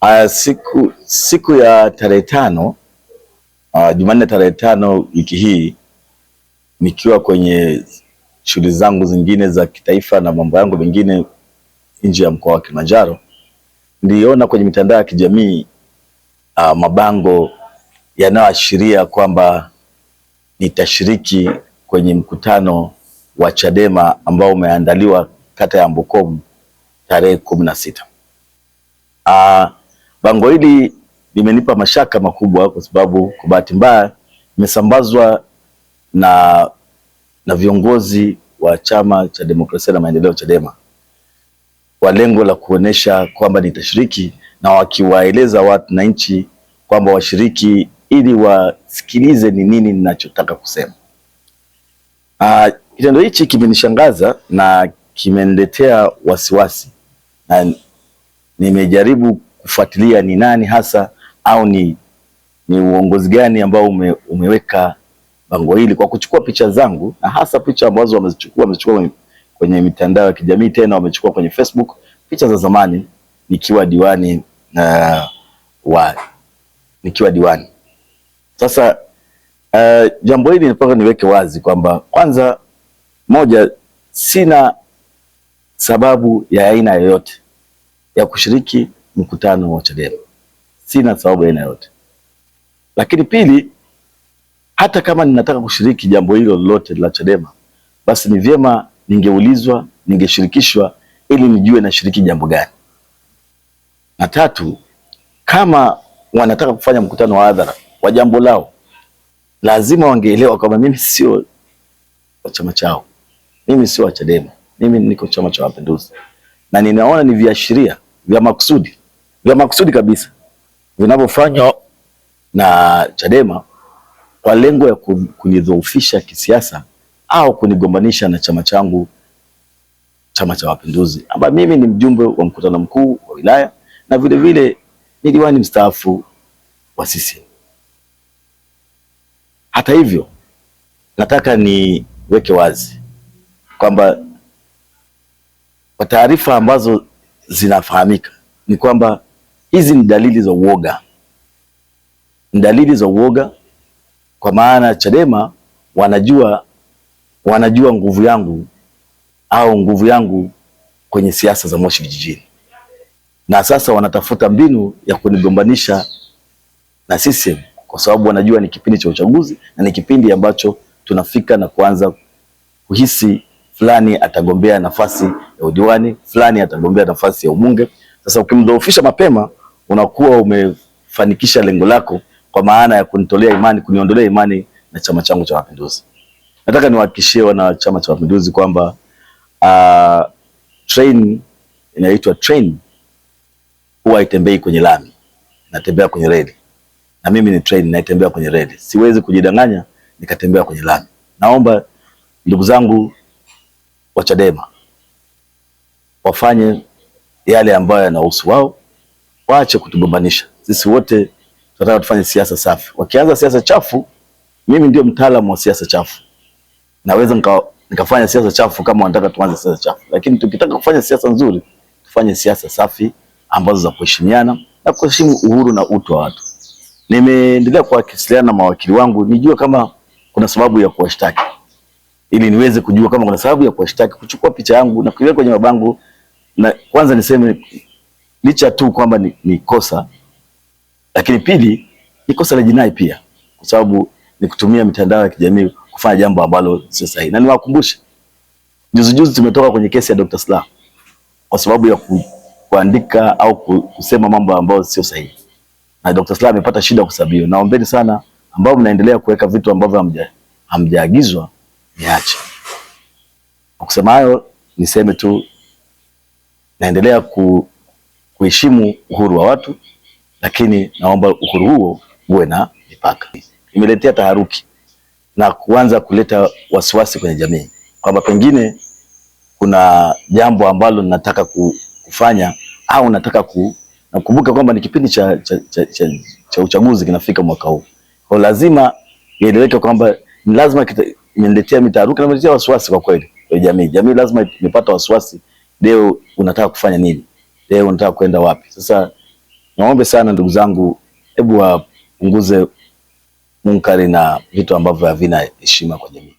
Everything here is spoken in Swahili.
Aya, ah, siku siku ya tarehe tano uh, Jumanne tarehe tano wiki hii nikiwa kwenye shughuli zangu zingine za kitaifa na mambo yangu mengine nje ya mkoa wa Kilimanjaro, niliona kwenye mitandao ya kijamii uh, mabango yanayoashiria kwamba nitashiriki kwenye mkutano wa Chadema ambao umeandaliwa kata ya Mbukomu tarehe kumi na sita. Uh, Bango hili limenipa mashaka makubwa, kwa sababu kwa bahati mbaya imesambazwa na, na viongozi wa Chama cha Demokrasia na Maendeleo Chadema kwa lengo la kuonesha kwamba nitashiriki na wakiwaeleza watu na nchi kwamba washiriki ili wasikilize ni nini ninachotaka kusema. Ah, kitendo hichi kimenishangaza na kimeniletea wasiwasi na nimejaribu kufuatilia ni nani hasa au ni, ni uongozi gani ambao ume, umeweka bango hili kwa kuchukua picha zangu na hasa picha ambazo wamezichukua wamezichukua kwenye, mitandao ya kijamii tena wamechukua kwenye Facebook picha za zamani nikiwa diwani uh, wa, nikiwa diwani sasa. Uh, jambo hili nipaka niweke wazi kwamba kwanza, moja, sina sababu ya aina yoyote ya kushiriki mkutano wa Chadema, sina sababu aina yote. Lakini pili, hata kama ninataka kushiriki jambo hilo lolote la Chadema, basi ni vyema ningeulizwa, ningeshirikishwa ili nijue nashiriki jambo gani. Na tatu, kama wanataka kufanya mkutano wa hadhara wa jambo lao, lazima wangeelewa kwamba mimi sio wa chama chao, mimi sio wa Chadema, mimi niko Chama cha Mapinduzi, na ninaona ni viashiria vya makusudi vya makusudi kabisa vinavyofanywa na Chadema kwa lengo ya kunidhoofisha kisiasa au kunigombanisha na chama changu, Chama cha Mapinduzi, ambayo mimi ni mjumbe wa mkutano mkuu wa wilaya na vile vile ni diwani mstaafu wa sisi. Hata hivyo, nataka niweke wazi kwamba kwa taarifa ambazo zinafahamika ni kwamba Hizi ni dalili za uoga, ni dalili za uoga, kwa maana Chadema wanajua, wanajua nguvu yangu au nguvu yangu kwenye siasa za Moshi Vijijini, na sasa wanatafuta mbinu ya kunigombanisha na CCM kwa sababu wanajua ni kipindi cha uchaguzi na ni kipindi ambacho tunafika na kuanza kuhisi fulani atagombea nafasi ya udiwani, fulani atagombea nafasi ya ubunge. Sasa ukimdhoofisha mapema unakuwa umefanikisha lengo lako kwa maana ya kunitolea imani, kuniondolea imani na chama changu cha Mapinduzi. Nataka niwahakikishie wana chama cha Mapinduzi kwamba uh, train inaitwa train huwa itembei kwenye lami, natembea kwenye reli, na mimi ni train naitembea kwenye reli. Siwezi kujidanganya nikatembea kwenye lami. Naomba ndugu zangu wa Chadema wafanye yale ambayo yanahusu wao waache kutugombanisha. Sisi wote tunataka tufanye siasa safi. Wakianza siasa chafu, mimi ndio mtaalamu wa siasa chafu, naweza nika, nikafanya siasa chafu kama wanataka tuanze siasa chafu, lakini tukitaka kufanya siasa nzuri, tufanye siasa safi ambazo za kuheshimiana na kuheshimu uhuru na utu wa watu. Nimeendelea kuwasiliana na mawakili wangu nijue kama kuna sababu ya kuwashtaki, ili niweze kujua kama kuna sababu ya kuwashtaki, kuchukua picha yangu na kuiweka kwenye mabango, na kwanza niseme licha tu kwamba ni, ni kosa, lakini pili ni kosa la jinai pia, kwa sababu ni kutumia mitandao ya kijamii kufanya jambo ambalo sio sahihi. Na niwakumbushe, juzi juzi tumetoka kwenye kesi ya Dr. Slaa kwa sababu ya ku, kuandika au kusema mambo ambayo sio sahihi, na Dr. Slaa amepata shida kwa sababu hiyo. Naombeni sana ambao mnaendelea kuweka vitu ambavyo hamjaagizwa, niache kusema hayo. Niseme tu naendelea ku kuheshimu uhuru wa watu, lakini naomba uhuru huo uwe na mipaka. Imeletea taharuki na kuanza kuleta wasiwasi kwenye jamii kwamba pengine kuna jambo ambalo nataka kufanya au nataka ku, nakumbuka kwamba ni kipindi cha, cha, cha, cha, cha uchaguzi kinafika mwaka huu, kwa lazima ieleweke kwamba ni lazima imeletea mitaharuki na imeletea wasiwasi kwa kweli kwa jamii. Jamii lazima imepata wasiwasi, leo unataka kufanya nini? leo unataka kwenda wapi? Sasa naombe sana ndugu zangu, hebu wapunguze munkari na vitu ambavyo havina heshima kwa jamii.